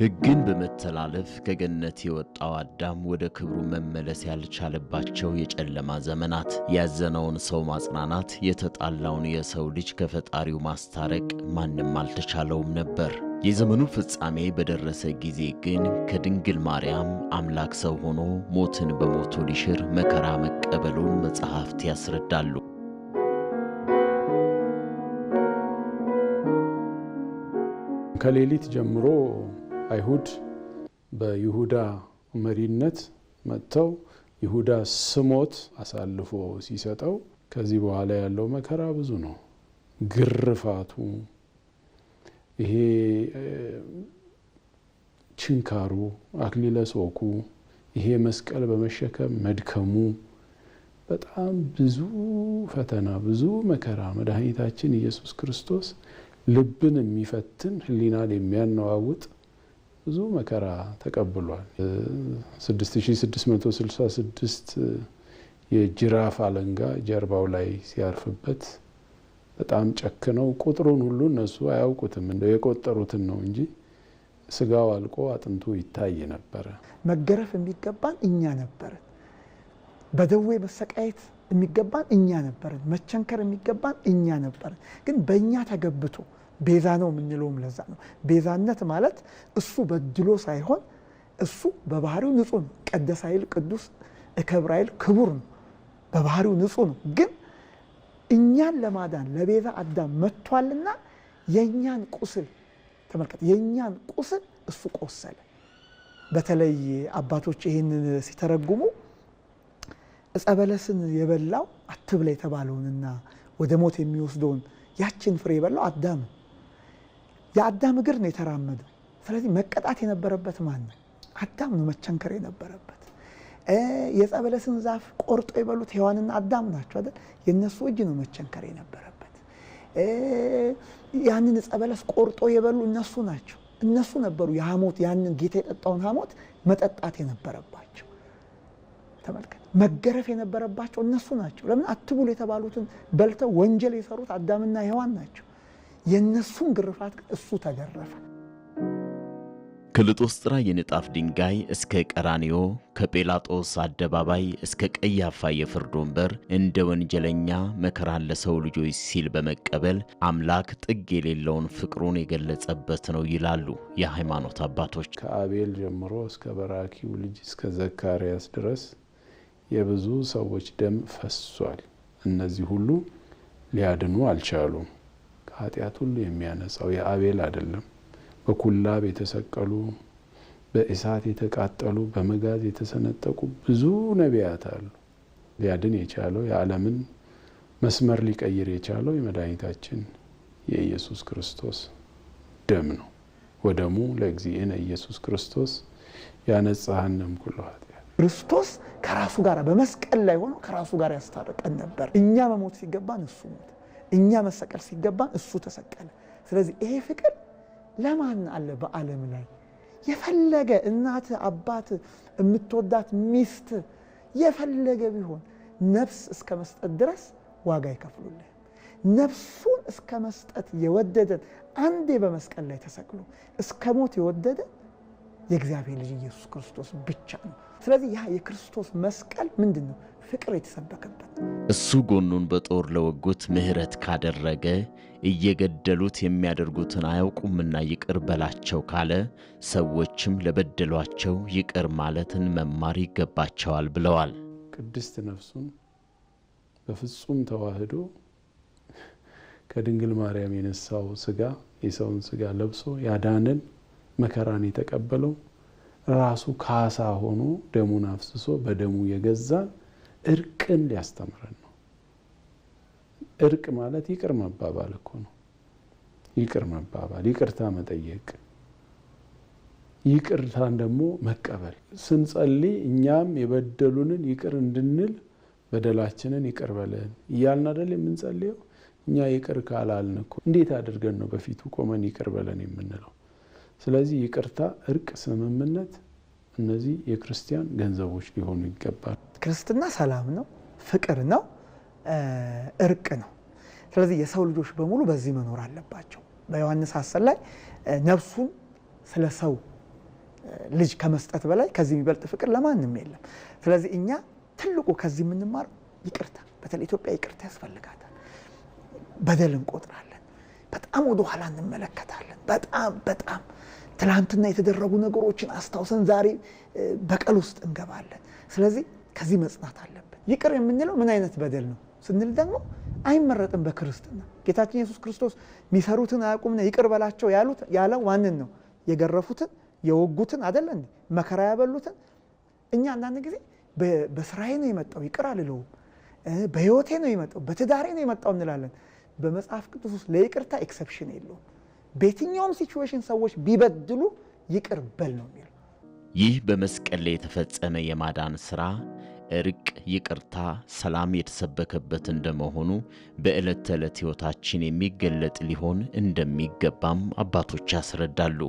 ሕግን በመተላለፍ ከገነት የወጣው አዳም ወደ ክብሩ መመለስ ያልቻለባቸው የጨለማ ዘመናት፣ ያዘነውን ሰው ማጽናናት፣ የተጣላውን የሰው ልጅ ከፈጣሪው ማስታረቅ ማንም አልተቻለውም ነበር። የዘመኑ ፍጻሜ በደረሰ ጊዜ ግን ከድንግል ማርያም አምላክ ሰው ሆኖ ሞትን በሞቱ ሊሽር መከራ መቀበሉን መጽሐፍት ያስረዳሉ። ከሌሊት ጀምሮ አይሁድ በይሁዳ መሪነት መጥተው ይሁዳ ስሞት አሳልፎ ሲሰጠው ከዚህ በኋላ ያለው መከራ ብዙ ነው። ግርፋቱ፣ ይሄ ችንካሩ፣ አክሊለ ሶኩ፣ ይሄ መስቀል በመሸከም መድከሙ በጣም ብዙ ፈተና፣ ብዙ መከራ መድኃኒታችን ኢየሱስ ክርስቶስ ልብን የሚፈትን ሕሊናን የሚያነዋውጥ ብዙ መከራ ተቀብሏል። 6666 የጅራፍ አለንጋ ጀርባው ላይ ሲያርፍበት በጣም ጨክነው ቁጥሩን ሁሉ እነሱ አያውቁትም፣ እንደው የቆጠሩትን ነው እንጂ ስጋው አልቆ አጥንቱ ይታይ ነበረ። መገረፍ የሚገባን እኛ ነበርን። በደዌ መሰቃየት የሚገባን እኛ ነበርን። መቸንከር የሚገባን እኛ ነበርን። ግን በእኛ ተገብቶ ቤዛ ነው የምንለውም ለዛ ነው። ቤዛነት ማለት እሱ በድሎ ሳይሆን እሱ በባህሪው ንጹህ ነው። ቀደሰ ኃይል ቅዱስ፣ እከብር ኃይል ክቡር ነው። በባህሪው ንጹህ ነው። ግን እኛን ለማዳን ለቤዛ አዳም መጥቷልና የእኛን ቁስል ተመልከት፣ የእኛን ቁስል እሱ ቆሰለ። በተለይ አባቶች ይህንን ሲተረጉሙ ዕፀ በለስን የበላው አትብላ የተባለውንና ወደ ሞት የሚወስደውን ያችን ፍሬ የበላው አዳም የአዳም እግር ነው የተራመደው። ስለዚህ መቀጣት የነበረበት ማን ነው? አዳም ነው መቸንከር የነበረበት። የጸበለስን ዛፍ ቆርጦ የበሉት ሔዋንና አዳም ናቸው አይደል? የእነሱ እጅ ነው መቸንከር የነበረበት። ያንን ጸበለስ ቆርጦ የበሉ እነሱ ናቸው። እነሱ ነበሩ የሐሞት ያንን ጌታ የጠጣውን ሐሞት መጠጣት የነበረባቸው። ተመልከት፣ መገረፍ የነበረባቸው እነሱ ናቸው። ለምን አትብሉ የተባሉትን በልተው ወንጀል የሰሩት አዳምና ሔዋን ናቸው። የእነሱን ግርፋት ግን እሱ ተገረፈ። ከልጦስጥራ የንጣፍ ድንጋይ እስከ ቀራንዮ፣ ከጲላጦስ አደባባይ እስከ ቀያፋ የፍርድ ወንበር እንደ ወንጀለኛ መከራን ለሰው ልጆች ሲል በመቀበል አምላክ ጥግ የሌለውን ፍቅሩን የገለጸበት ነው ይላሉ የሃይማኖት አባቶች። ከአቤል ጀምሮ እስከ በራኪው ልጅ እስከ ዘካርያስ ድረስ የብዙ ሰዎች ደም ፈሷል። እነዚህ ሁሉ ሊያድኑ አልቻሉም። ኃጢአት ሁሉ የሚያነጻው የአቤል አይደለም። በኩላብ የተሰቀሉ በእሳት የተቃጠሉ በመጋዝ የተሰነጠቁ ብዙ ነቢያት አሉ። ሊያድን የቻለው የዓለምን መስመር ሊቀይር የቻለው የመድኃኒታችን የኢየሱስ ክርስቶስ ደም ነው። ወደሙ ለእግዚእነ ኢየሱስ ክርስቶስ ያነጻሃንም ኩሎ ኃጢአት። ክርስቶስ ከራሱ ጋር በመስቀል ላይ ሆኖ ከራሱ ጋር ያስታረቀን ነበር። እኛ መሞት ሲገባን እሱ ሞት እኛ መሰቀል ሲገባን እሱ ተሰቀለ። ስለዚህ ይሄ ፍቅር ለማን አለ በዓለም ላይ የፈለገ እናት አባት፣ የምትወዳት ሚስት የፈለገ ቢሆን ነፍስ እስከ መስጠት ድረስ ዋጋ ይከፍሉልህ። ነፍሱን እስከ መስጠት የወደደን አንዴ በመስቀል ላይ ተሰቅሎ እስከ ሞት የወደደን የእግዚአብሔር ልጅ ኢየሱስ ክርስቶስ ብቻ ነው። ስለዚህ ያ የክርስቶስ መስቀል ምንድን ነው? ፍቅር የተሰበከበት እሱ ጎኑን በጦር ለወጉት ምሕረት ካደረገ እየገደሉት የሚያደርጉትን አያውቁምና ይቅር በላቸው ካለ ሰዎችም ለበደሏቸው ይቅር ማለትን መማር ይገባቸዋል ብለዋል። ቅድስት ነፍሱን በፍጹም ተዋህዶ ከድንግል ማርያም የነሳው ስጋ የሰውን ስጋ ለብሶ ያዳንን መከራን የተቀበለው ራሱ ካሳ ሆኖ ደሙን አፍስሶ በደሙ የገዛ እርቅን ሊያስተምረን ነው። እርቅ ማለት ይቅር መባባል እኮ ነው። ይቅር መባባል፣ ይቅርታ መጠየቅ፣ ይቅርታን ደግሞ መቀበል። ስንጸልይ እኛም የበደሉንን ይቅር እንድንል በደላችንን ይቅር በለን እያልን አይደል የምንጸልየው? እኛ ይቅር ካላልን እኮ እንዴት አድርገን ነው በፊቱ ቆመን ይቅር በለን የምንለው? ስለዚህ ይቅርታ፣ እርቅ፣ ስምምነት እነዚህ የክርስቲያን ገንዘቦች ሊሆኑ ይገባል። ክርስትና ሰላም ነው፣ ፍቅር ነው፣ እርቅ ነው። ስለዚህ የሰው ልጆች በሙሉ በዚህ መኖር አለባቸው። በዮሐንስ አስር ላይ ነፍሱን ስለ ሰው ልጅ ከመስጠት በላይ ከዚህ የሚበልጥ ፍቅር ለማንም የለም። ስለዚህ እኛ ትልቁ ከዚህ የምንማረው ይቅርታ፣ በተለይ ኢትዮጵያ ይቅርታ ያስፈልጋታል። በደል እንቆጥራለን በጣም ወደ ኋላ እንመለከታለን። በጣም በጣም ትላንትና የተደረጉ ነገሮችን አስታውሰን ዛሬ በቀል ውስጥ እንገባለን። ስለዚህ ከዚህ መጽናት አለብን። ይቅር የምንለው ምን አይነት በደል ነው ስንል ደግሞ አይመረጥም። በክርስትና ጌታችን ኢየሱስ ክርስቶስ ሚሰሩትን አያውቁምና ይቅር በላቸው ያሉት ያለው ዋንን ነው የገረፉትን የወጉትን አደለ መከራ ያበሉትን። እኛ አንዳንድ ጊዜ በስራዬ ነው የመጣው ይቅር አልለውም፣ በህይወቴ ነው የመጣው፣ በትዳሬ ነው የመጣው እንላለን። በመጽሐፍ ቅዱስ ውስጥ ለይቅርታ ኤክሰፕሽን የለውም። በየትኛውም ሲችዌሽን ሰዎች ቢበድሉ ይቅር በል ነው የሚለው። ይህ በመስቀል ላይ የተፈጸመ የማዳን ሥራ እርቅ፣ ይቅርታ፣ ሰላም የተሰበከበት እንደመሆኑ በዕለት ተዕለት ሕይወታችን የሚገለጥ ሊሆን እንደሚገባም አባቶች ያስረዳሉ።